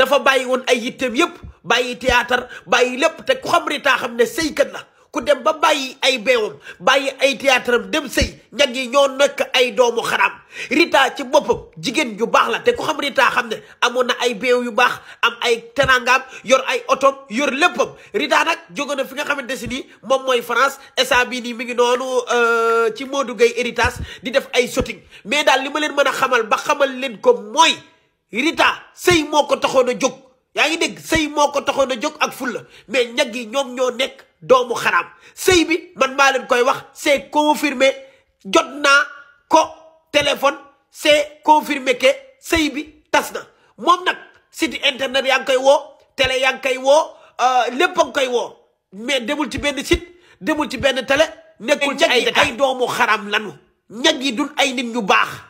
dafa bàyyi woon ay yitteem yépp bàyyi théâtre bàyyi lépp te ku xam Rita xam ne sëykat la ku dem ba bàyyi ay beewam bàyyi ay théâtre am dem sëy ñag yi ñoo nekk ay doomu xaraam Rita ci boppam jigéen ju baax la te ku xam Rita xam ne amoon na ay beew yu baax am ay terangaam yor ay otom yor léppam Rita nag jogo na fi nga xamante si nii moom mooy France esa bii nii mi ngi noonu euh, ci Modou Gueye héritage di def ay shooting mais daal li ma leen mën a xamal ba xamal leen ko mooy Rita sëy moo ko taxoon a jóg yaa ngi dégg sëy moo ko taxoon a jóg ak fulla mais ñag yi ñoom ñoo nekk doomu xaraam sëy bi man maa leen koy wax c'est confirmé jot naa ko téléphone c'est confirmé que sëy bi tas na moom nag site internet yaa ngi koy woo télé yaa ngi koy woo euh, lépp a ngi koy woo mais demul ci benn site demul ci benn télé nekkul ci ay doomu xaram lanu ñag yi dun ay nit ñu baax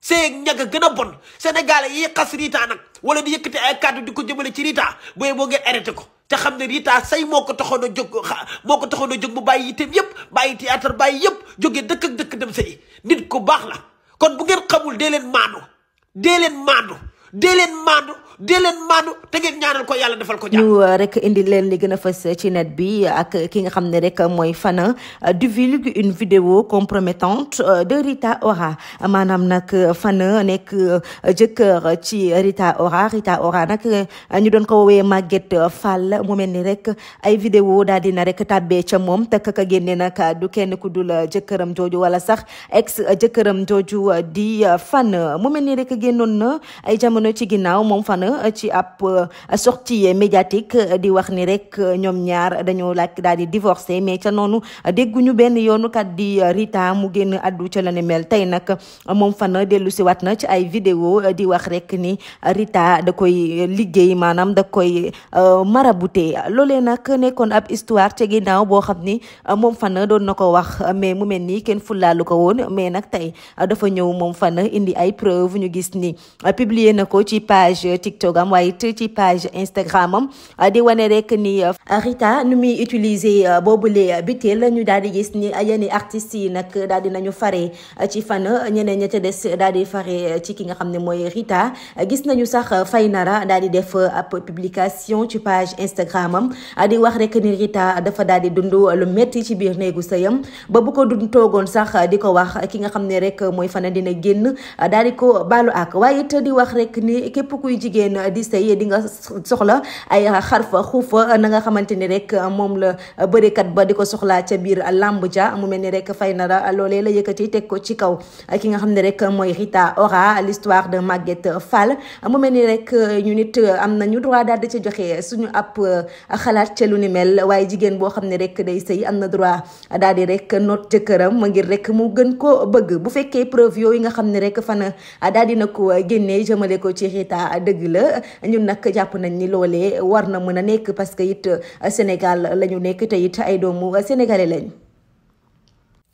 se seeg a gën a bon sénégalais yi xas Rita nag wala di yëkkati ay kàddu di ko jëmale ci Rita booy boo ngeen arrêté ko te xam ne Rita say moo ko taxoon a jóg moo ko taxoon a jóg mu bàyyi itam yëpp bàyyi théâtre bàyyi yëpp jógee dëkk ak dëkk dem say nit ku baax la kon bu ngeen xamul dee leen maandu dee leen maandu dee leen maandu dee leen maandu te ngeen ko yàlla defal ko jàmm. ñu euh, rek indi leen li gën a fës ci net bi ak ki nga xam ne rek mooy Fana euh, divulgue une vidéo compromettante euh, de Rita Ora maanaam nag Fana nekk jëkkër ci Rita Ora Rita Ora nag ñu doon ko woowee Maguette Fall mu mel ni rek ay vidéo daal na rek tàbbee ca moom te ka génne nag du kenn ku dul jëkkëram jooju wala sax ex jëkkëram jooju di Fana mu mel ni rek génnoon ay jamono. jamono ci ginnaaw moom Fana ci ab euh, sortie médiatique euh, di wax ni rek euh, ñoom ñaar dañoo laaj daal di divorcé mais ca noonu dégguñu benn yoonu kat di Rita mu génn addu ca la ne mel tey nag moom Fana dellu si waat na ci ay vidéo di wax rek ni Rita da koy liggéey maanaam da koy mara marabouté loolee nag nekkoon ab histoire ca ginnaaw boo xam ni moom Fana doon na ko wax mais mu mel nii kenn fullaalu ko woon mais nag tey dafa ñëw moom Fana indi ay preuve ñu gis ni publier na ko ci page TikTok am waaye it ci page Instagram am di wane rek ni uh, Rita nu muy utiliser uh, boobule butéel ñu daal di gis ni yenn artistes yi nag daal di nañu fare uh, ci fan ñeneen ña ca des daal di fare ci ki nga xam ne mooy Rita gis nañu sax Faynara daal di def ab publication ci page Instagram am di wax rek ni Rita dafa daal di dund lu métti ci biir néegu sëyam ba bu ko dund toogoon sax di ko wax ki nga xam ne rek mooy fana dina génn daal di ko baalu ak waaye it di wax rek nekk ni képp kuy jigéen di sëy di nga soxla ay xarfa xuufa na nga xamante ni rek moom la bërekat ba di ko soxlaa ca biir lamb ja mu mel ni rek fay na la loolee la yëkkati teg ko ci kaw ki nga xam ne rek mooy Rita de Maguette Fall mu mel ni rek ñu nit am nañu droit daal di ci joxe suñu ab xalaat ca lu ni mel waaye jigéen boo xam ne rek day sëy am na droit daal di rek noot jëkkëram ngir rek mu gën ko bëgg bu fekkee preuve yooyu nga xam ne rek fan daal dina ko génnee jëmale ko ci xitaa dëgg la ñun nag jàpp nañ ni war na mën a nekk parce que it Sénégal la ñu nekk te it ay doomu sénégalais lañ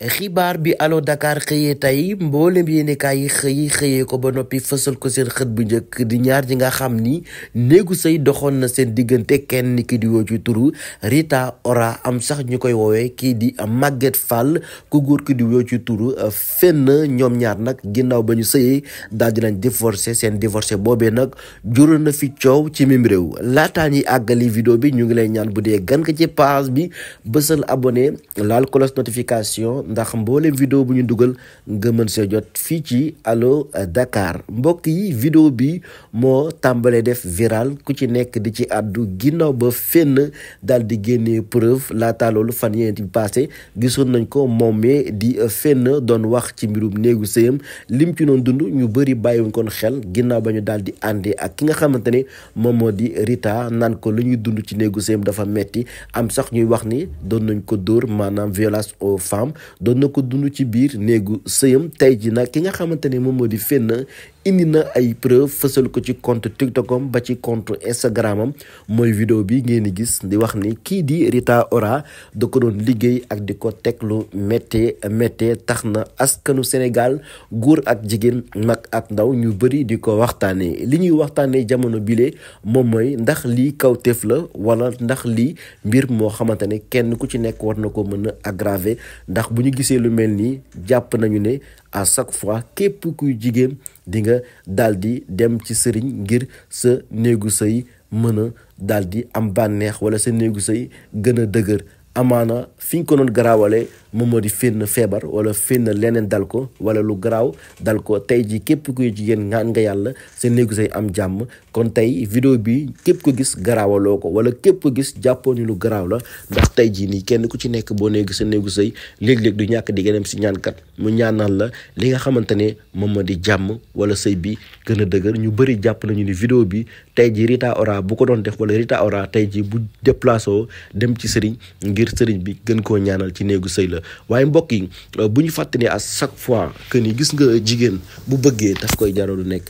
xibaar bi aloo dakaar xëyee tey mboolem yéenekaay yi xëyi xëyee ko ba noppi fësal ko seen xët bu njëkk di ñaar ji nga xam ni néegu sëy doxoon na seen diggante kenn ki di woo ci turu Rita Ora am sax ñu koy woowee kii di Maguette Fall ku góor ki di woo turu euh, fenn ñoom ñaar nag ginnaaw ba ñu sëyee daal di nañ divorcé seen divorcé boobee nag juróon na fi coow ci mim réew laataa ñuy àggali vidéo bi ñu ngi lay ñaan bu dee gan ko ci page bi bësal abonné laal cloche notification ndax mboole vidéo bu ñu dugal nga mën jot fii ci Allo Dakar mbokk yi vidéo bi moo tàmbalee def viral ku ci nekk di ci àddu ginnaaw ba fenn daal di génnee preuve laata loolu fan yéen bi passé gisoon nañ ko moom mi di fenn doon wax ci mbirum néegu sëyam lim ci noonu dund ñu bëri bàyyiwuñ kon xel ginnaaw ba ñu daal di àndee ak ki nga xamante ne moom moo di Rita naan ko lu ñuy dund ci néegu sëyam dafa metti am sax ñuy wax ni doon nañ ko dóor maanaam violence aux femmes doon na ko dund ci biir néegu sëyam tey ji nag ki nga xamante ne moom di fenn indi na ay preuve fësal ko ci compte tiktokam ba ci compte instagram mooy vidéo bi ngeen di gis di wax ni kii di Rita Ora da ko doon liggéey ak di ko teg lu méttee méttee tax na askanu senegal góor ak jigéen mag ak ndaw ñu bëri di ko waxtaanee li ñuy waxtaanee jamono bile moom mooy ndax lii kaw teef la wala ndax lii mbir moo xamante ne kenn ku ci nekk war na ko mën a aggraver ndax bu ñu gisee lu mel nii jàpp nañu ne à chaque fois képp kuy jigéen dinga daldi dem ci sëriñ ngir sa néegu sëy mën a daal am bànneex wala sa néegu sëy gën a dëgër amaana fi ñu ko doon garaawale moom moo di fenn feebar wala fenn leneen dal ko wala lu garaaw dal ko tey jii képp kuy jigéen ngaan nga yàlla sa néegu say am jàmm kon tey vidéo bi képp ko gis garaawaloo ko wala képp ko gis jàppoo ni lu garaaw la ndax tey jii nii kenn ku ci nekk boo néegu sa néegu say léeg-léeg du ñàkk di nga dem si ñaankat mu ñaanal la li nga xamante ne moom moo di jàmm wala sëy bi gën a dëgër ñu bëri jàpp nañu ni vidéo bi tey jii Rita Ora bu ko doon def wala Rita Ora tey jii bu déplacé dem ci sëriñ ngir sëriñ bi gën koo ñaanal ci néegu sëy la waaye mbokk yi euh, bu ñu fàtte ne à chaque fois que ni gis nga jigéen bu bëggee daf koy lu nekk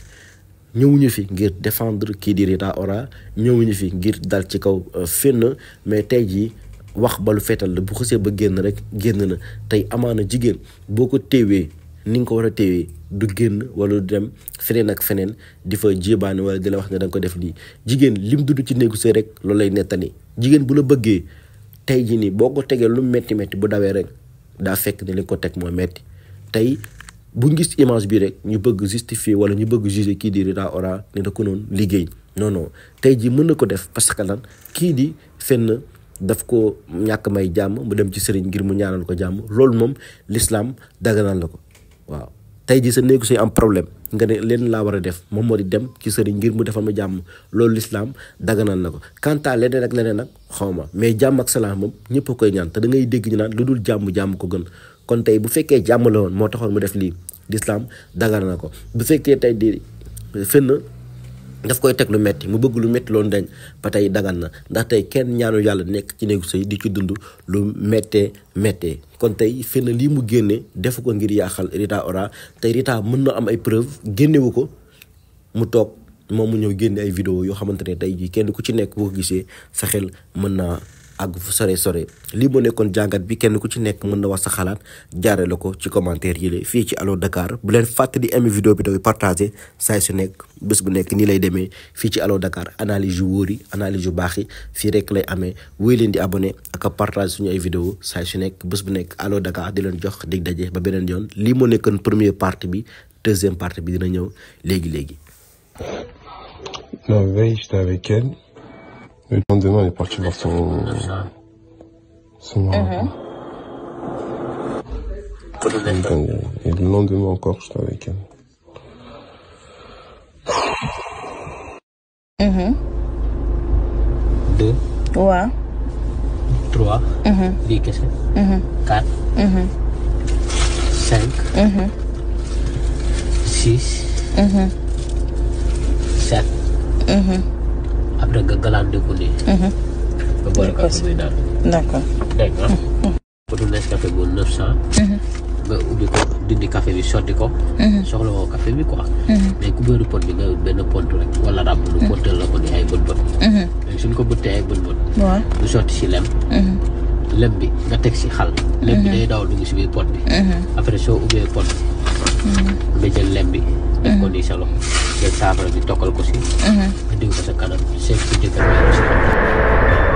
ñëwuñu fi ngir défendre kii di Rita Ora ñëwuñu fi ngir dal ci kaw euh, fenn mais tey jii wax balu feetal la bu xësee ba génn rek génn na tey amaana jigéen boo ko téewee ni nga ko war a téewee du génn wala du dem feneen ak feneen di fa jébaane wala di la wax nga da ko def lii jigéen lim dund ci néegu sëy rek loolu lay nettali jigéen bu la bëggee tey jii nii boo ko tegee lu mu métti métti bu dawee rek daa fekk ne li ko teg moo métti tey buñ gis image bi rek ñu bëgg justifier wala ñu bëgg juger kii di Rita Ora ne da ko noonu liggéey non tey jii mën na ko def parce que lan kii di fenn daf ko ñàkk may jàmm mu dem ci sëriñ ngir mu ñaanal ko jàmm loolu moom lislaam daganal la ko waaw tey jii sa néegu say am problème nga ne leen laa war a def moom moo di dem ci sëriñ ngir mu defal ma jàmm loolu lislaam daganal na ko quant à leneen ak leneen nag xaw ma mais jàmm ak salaam moom ñëpp koy ñaan te da ngay dégg ñu naan lu dul jàmm jàmm ko gën kon tey bu fekkee jàmm la woon moo taxoon mu def lii lislaam daganal na ko bu fekkee tey di fenn daf koy teg lu metti mu bëgg lu metti loolu deñ ba tey dagan na ndax tey kenn ñaanu yàlla nekk ci néegu sëy di ci dund lu méttee méttee kon tey fenn lii mu génne defu ko ngir yaaxal Rita Ora tey Rita mën na am ay preuve génnewu ko mu toog moom mu ñëw génne ay vidéo yoo xamante ne tey jii kenn ku ci nekk boo ko gisee sa mën naa àgg fu sore sore lii moo nekkoon jàngat bi kenn ku ci nekk mën na wax sa xalaat jaare la ko ci commentaire yi la fii ci Allo Dakar bu leen fàtte di aimé vidéo bi daw partagé saa su nekk bés bu nekk nii lay demee fii ci Allo Dakar analyse yu wóor yi analyse baax yi fii rek lay amee leen di abonné ak a partagé suñu ay vidéo saa su nekk bés bu nekk Allo Dakar di leen jox dig daje ba beneen yoon lii moo nekkoon première partie bi deuxième partie bi dina ñëw léegi-léegi. Le lendemain, elle est partie voir son, son mari. Et le lendemain encore, j'étais avec elle. Mmh. Deux. Ouais. Trois. Mmh. Vie kese. Mmh. Quatre. après nga galanteeku nii. nga boole café bi daal. d'accord dégg nga. potu Nescafé bu 900. nga ubbi ko dindi café bi sotti ko. soxla woo café bi quoi. Mhm. mais ku bëri pot bi nga ut benn pont rek wala rab lu mhm. pontal la ko mhm. suñ ko bëttee ay bët bët. waaw sotti si lem. lem bi nga teg si xal. lem bi day daw dugg si biir pot bi. après soo ubbee pot nga jël lem bi. Mm-hmm. def ko di salon jël saafara bi tokkal ko si diw ko sa kanam seet si jëkkër